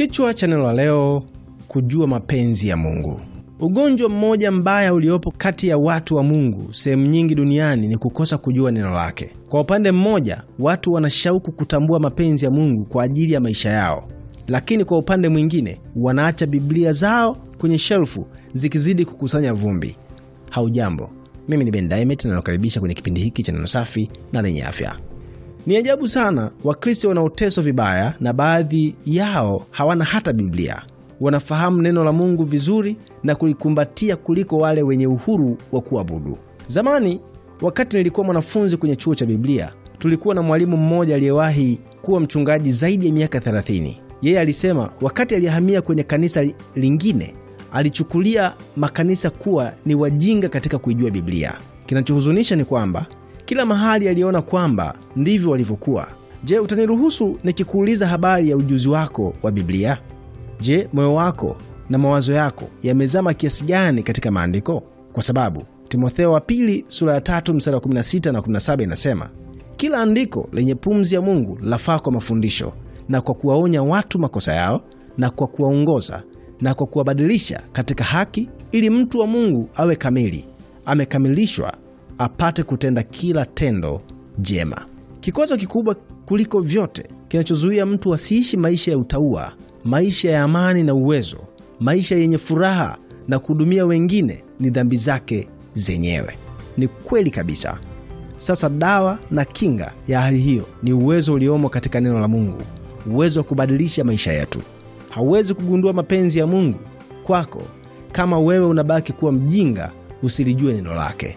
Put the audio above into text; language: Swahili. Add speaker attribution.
Speaker 1: Kichwa cha neno la leo: kujua mapenzi ya Mungu. Ugonjwa mmoja mbaya uliopo kati ya watu wa Mungu sehemu nyingi duniani ni kukosa kujua neno lake. Kwa upande mmoja, watu wanashauku kutambua mapenzi ya Mungu kwa ajili ya maisha yao, lakini kwa upande mwingine wanaacha Biblia zao kwenye shelfu zikizidi kukusanya vumbi. Haujambo, mimi ni Ben Daimet na nakaribisha kwenye kipindi hiki cha neno safi na lenye afya. Ni ajabu sana Wakristo wanaoteswa vibaya na baadhi yao hawana hata Biblia. Wanafahamu neno la Mungu vizuri na kulikumbatia kuliko wale wenye uhuru wa kuabudu. Zamani wakati nilikuwa mwanafunzi kwenye chuo cha Biblia, tulikuwa na mwalimu mmoja aliyewahi kuwa mchungaji zaidi ya miaka 30. Yeye alisema wakati alihamia kwenye kanisa lingine alichukulia makanisa kuwa ni wajinga katika kuijua Biblia. Kinachohuzunisha ni kwamba kila mahali aliona kwamba ndivyo walivyokuwa. Je, utaniruhusu nikikuuliza habari ya ujuzi wako wa Biblia? Je, moyo wako na mawazo yako yamezama kiasi gani katika maandiko? Kwa sababu Timotheo wa pili sura ya tatu mstari wa na inasema, kila andiko lenye pumzi ya Mungu lafaa kwa mafundisho na kwa kuwaonya watu makosa yao na kwa kuwaongoza na kwa kuwabadilisha katika haki, ili mtu wa Mungu awe kamili, amekamilishwa apate kutenda kila tendo jema. Kikwazo kikubwa kuliko vyote kinachozuia mtu asiishi maisha ya utaua, maisha ya amani na uwezo, maisha yenye furaha na kuhudumia wengine ni dhambi zake zenyewe. Ni kweli kabisa. Sasa dawa na kinga ya hali hiyo ni uwezo uliomo katika neno la Mungu, uwezo wa kubadilisha maisha yetu. Hauwezi kugundua mapenzi ya Mungu kwako kama wewe unabaki kuwa mjinga usilijue neno lake.